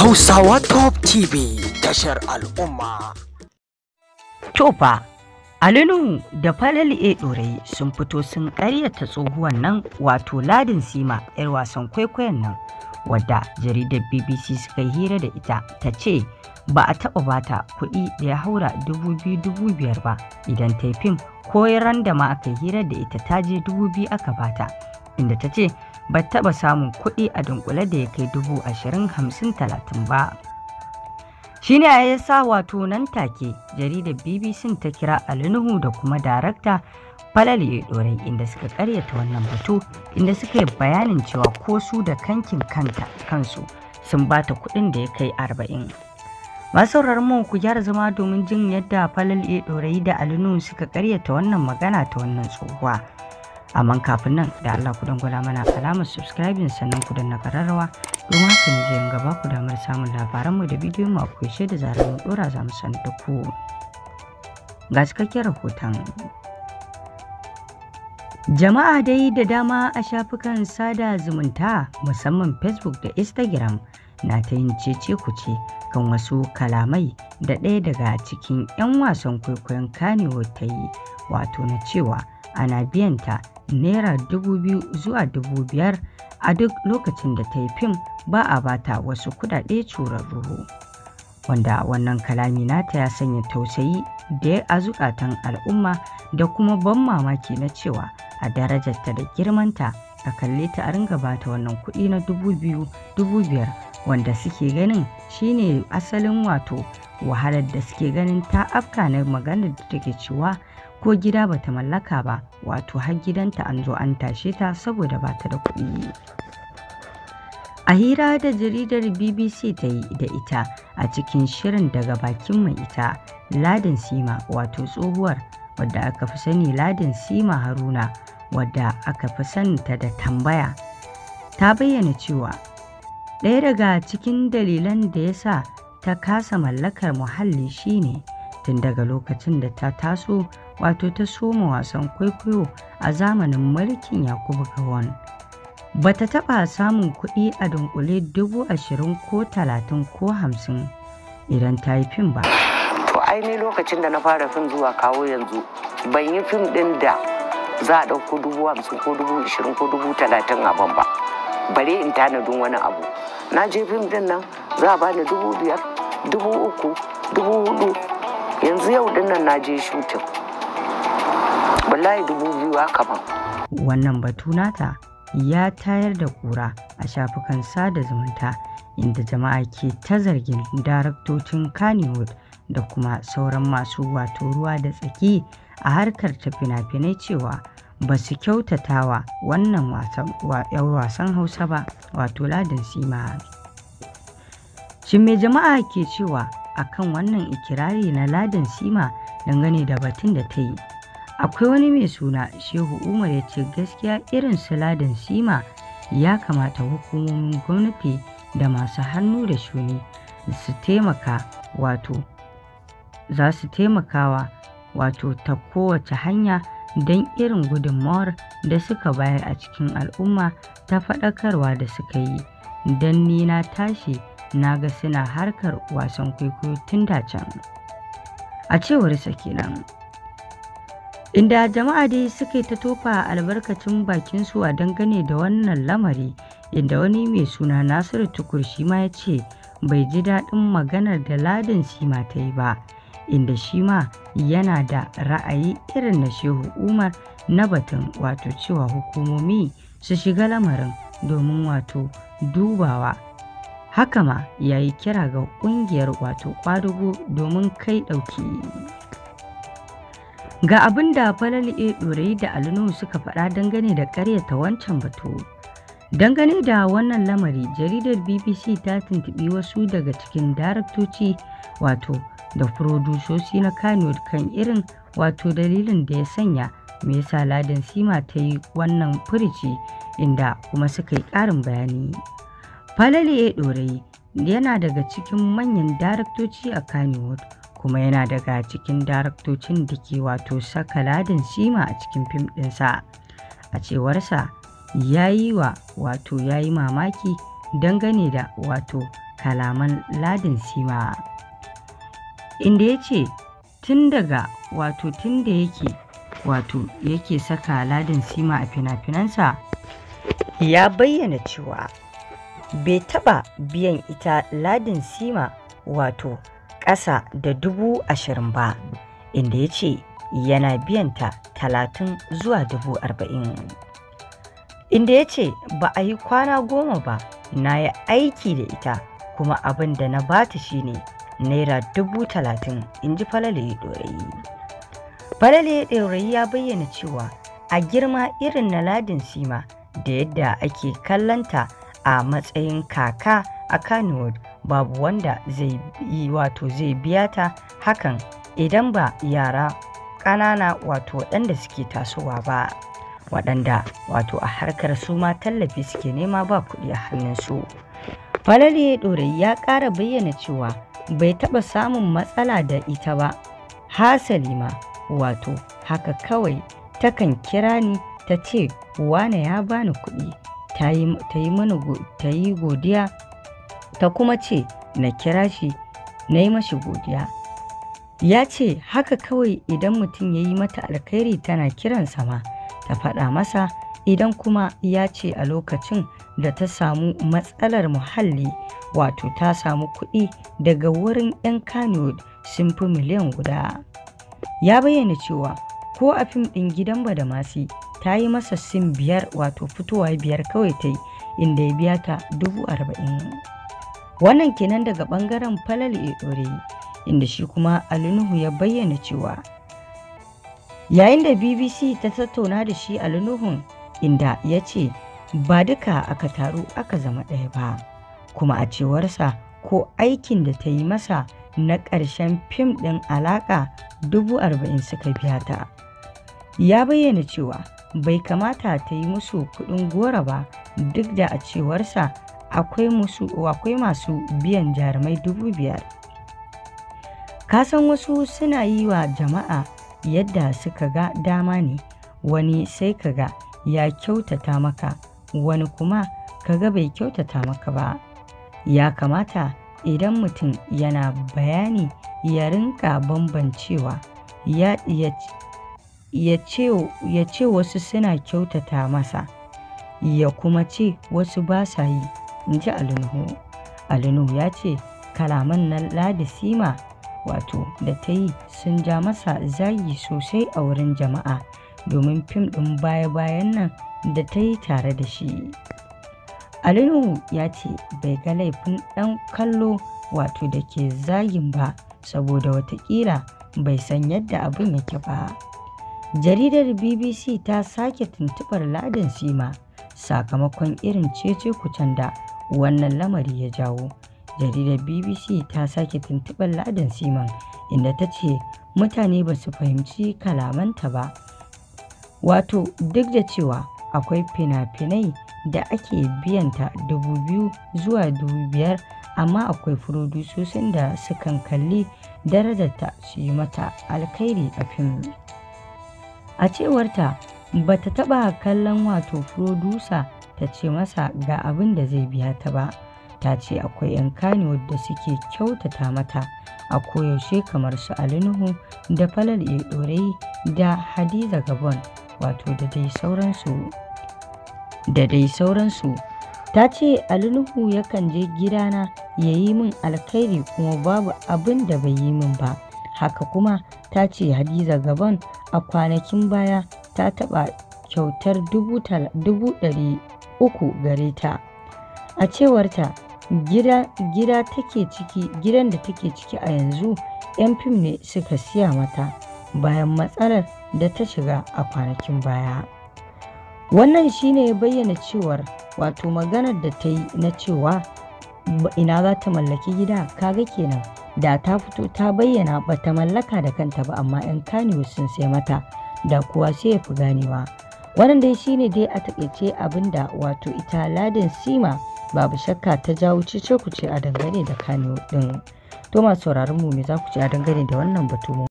Hausawa Top TV tashar al'umma. Tofa, Alinu da Falal E Ɗorayi sun fito sun ƙaryata tsohuwan nan wato Ladin Sima 'yar wasan kwaikwayon nan wadda jaridar BBC suka hira da ita ta ce ba a taɓa bata kuɗi da ya haura dubu dubu biyar ba idan ta yi fim ko ran da ma aka hira da ita ta je dubu biyu aka bata inda ta ce ba taɓa samun kuɗi a dunkule da ya kai dubu ashirin hamsin talatin ba shi ne ya sa wato nan take jaridar bbc ta kira alinuhu da kuma darakta falal dorai inda suka karyata wannan batu inda suka yi bayanin cewa ko su da kankin kanta kansu sun ba ta kuɗin da ya kai arba'in masu mu ku gyara zama domin jin yadda falal dorai da alinuhu suka karyata wannan magana ta wannan tsohuwa amma kafin nan da Allah ku dangwala mana alamar subscribing sannan ku danna kararrawa don haka ne zai gaba ku damar samun labaranmu da bidiyon mu ku da zarar mun dora za mu san da ku ga cikakken rahoton jama'a dai da dama a shafukan sada zumunta musamman facebook da instagram na ta yin cece kuce kan wasu kalamai da ɗaya daga cikin 'yan wasan kwaikwayon kanewa ta yi, wato na cewa ana biyan ta Naira dubu biyu zuwa dubu biyar a duk lokacin da ta yi fim ba a bata wasu kudade curarru. Wanda wannan kalami nata ya sanya tausayi da ya a zukatan al'umma da kuma ban mamaki na cewa a darajarta da girmanta a kalle ta a ringa bata wannan kuɗi na dubu biyu dubu biyar wanda suke ganin shine asalin wato wahalar da suke ganin ta afka na maganar da take cewa ko gida ba ta mallaka ba wato har gidanta an zo an tashe ta saboda ba ta da kuɗi. a hira da jaridar bbc ta yi da ita a cikin shirin daga bakin mai ita ladin sima wato tsohuwar wadda aka fi sani ladin sima haruna wadda aka fi sani ta da tambaya ta bayyana cewa Ɗaya daga cikin dalilan da ya sa ta kasa mallakar muhalli shine tun daga lokacin da ta taso wato ta soma wasan kwaikwayo a zamanin mulkin Yakubu Gawon. Ba ta taɓa samun kuɗi a dunkule dubu ashirin ko talatin ko hamsin idan ta yi fim ba. To aini lokacin da na fara fim zuwa kawo yanzu ban yi fim ɗin da za a ɗauko dubu hamsin ko dubu ashirin ko dubu talatin a ban ba. bare in tanadin wani abu na je fim din nan za a bani dubu biyar dubu uku dubu hudu yanzu yau din nan na je shutin wallahi dubu biyu haka ba. wannan batu nata ya tayar da kura a shafukan sada zumunta inda jama'a ke ta zargin daraktocin Kannywood da kuma sauran masu wato ruwa da tsaki a harkar ta fina-finai cewa ba su kyautatawa wannan yan wasan hausa ba wato ladin sima shin mai jama'a ke cewa akan wannan ikirari na ladin sima dangane da batun da ta yi akwai wani mai suna shehu umar ya ce gaskiya irin su ladin sima ya kamata hukumomin gwamnati da masu hannu da shuni su taimaka wato za su taimakawa wato ta kowace hanya don irin gudunmawar da suka bayar a cikin al'umma ta faɗakarwa da suka yi don ni na tashi na ga suna harkar wasan kwaikwayo tun da can a cewar kenan inda jama'a dai suka ta tofa albarkacin bakin su a dangane da wannan lamari inda wani mai suna nasiru tukur shi ma ya ce bai ji daɗin maganar da ladin sima ta yi ba inda shi ma yana da ra'ayi irin na shehu umar na batun wato cewa hukumomi su shiga lamarin domin wato dubawa haka ma ya yi kira ga kungiyar wato kwadugo domin kai ɗauki ga abin da falali a ɗorayi da alinu suka faɗa dangane da ƙaryata wancan batu dangane da wannan lamari jaridar bbc ta tuntubi wasu daga cikin daraktoci wato da furodusoshi na kano kan irin wato dalilin da ya sanya me yasa ladin sima ta yi wannan furici inda kuma suka yi ƙarin bayani falale ya ɗorayi yana daga cikin manyan daraktoci a kanewood kuma yana daga cikin daraktocin da ke wato saka ladin sima a cikin fim ɗinsa a cewarsa ya yi wa wato ya yi mamaki dangane da wato kalaman ladin sima inda ya ce tun daga wato tun da yake wato yake saka ladin sima a fina-finansa ya bayyana cewa bai taba biyan ita ladin sima wato ƙasa da dubu ashirin ba inda ya ce yana ta talatin zuwa dubu arba'in inda ya ce ba a yi kwana goma ba na yi aiki da ita kuma abin da na bata shine naira dubu talatin in ji falale ɗorayi falale ɗorayi ya bayyana cewa a girma irin na ladin sima da yadda ake kallanta a matsayin kaka a kanewood babu wanda zai yi wato zai biya ta hakan idan ba yara ƙanana wato waɗanda suke tasowa ba waɗanda wato a harkar su ma tallafi suke nema ba kuɗi a hannun hannunsu falale ɗorayi ya ƙara bayyana cewa bai taɓa samun matsala da ita ba hasali ma wato haka kawai takan kira ni ta ce wane ya bani kuɗi ta yi godiya ta kuma ce na kira shi na yi mashi godiya ya ce haka kawai idan mutum ya yi mata alkhairi tana kiransa ma ta faɗa masa idan kuma ya ce a lokacin da ta samu matsalar muhalli wato ta samu kuɗi daga wurin 'yan kano sun fi miliyan guda ya bayyana cewa ko a fim ɗin gidan badamasi ta yi masa sin biyar wato fitowa biyar kawai ta yi inda ya biya ta dubu arba'in wannan kenan daga ɓangaren falal ɗore inda shi kuma alinuhu ya bayyana cewa yayin da bbc ta tattauna da shi alinuhun inda ya ce ba duka aka taru aka zama ɗaya ba kuma a cewarsa ko aikin da ta yi masa na ƙarshen fim ɗin alaƙa dubu arba'in suka biya ta ya bayyana cewa bai kamata ta yi musu kuɗin gora ba duk da a cewarsa akwai masu biyan jarumai dubu biyar kasan wasu suna yi wa jama'a yadda suka ga dama ne wani sai ka ga ya kyautata maka wani kuma ka ga bai kyautata maka ba ya kamata idan mutum yana bayani ya rinka bambancewa ya ce wasu suna kyautata masa ya kuma ce wasu ba sa yi in ji alinu alinu ya ce kalaman na ladi sima wato da ta yi sun ja masa zagi sosai a wurin jama'a domin fim ɗin baya-bayan nan da ta yi tare da shi alinu ya ce bai ga laifin ɗan kallo wato da ke zagin ba saboda watakila bai san yadda abin yake ba jaridar bbc ta sake tuntubar ladin sima sakamakon irin cece kucen da wannan lamari ya jawo jaridar bbc ta sake tuntubar ladin siman inda ta ce mutane ba su fahimci kalamanta ba wato duk da cewa akwai fina-finai da ake biyanta dubu biyu zuwa dubu biyar amma akwai furodisosin da sukan kalli darajarta su yi mata alkhairi a fim a cewarta ba ta taɓa kallon wato furodusa ta ce masa ga abin da zai biya ta ba ta ce akwai 'yan kanewa da suke kyautata mata a koyaushe kamar su alinuhu da falal ya da hadiza gabon wato da dai sauransu da dai sauransu ta ce aluluhu yakan je gidana ya yi min alkhairi kuma babu abin da bai yi min ba haka kuma ta ce hadiza gaban a kwanakin baya ta taɓa kyautar dubu ɗari uku gare ta a cewarta gida, gida ciki gidan da take ciki a yanzu 'yan fim ne suka siya mata bayan matsalar da ta shiga a kwanakin baya. Wannan shine ya bayyana cewar wato maganar da ta yi na cewa ina za ta mallaki gida kaga kenan da ta fito ta bayyana ba ta mallaka da kanta ba amma 'yan kaniwa sun sai mata da kuwa sai ya fi ganewa. Wannan dai shine dai a takaice abin da wato ita ladin sima babu shakka ta jawo cece kuce a dangane da kano din. To masu sauraron mu me za ku ci a dangane da wannan batu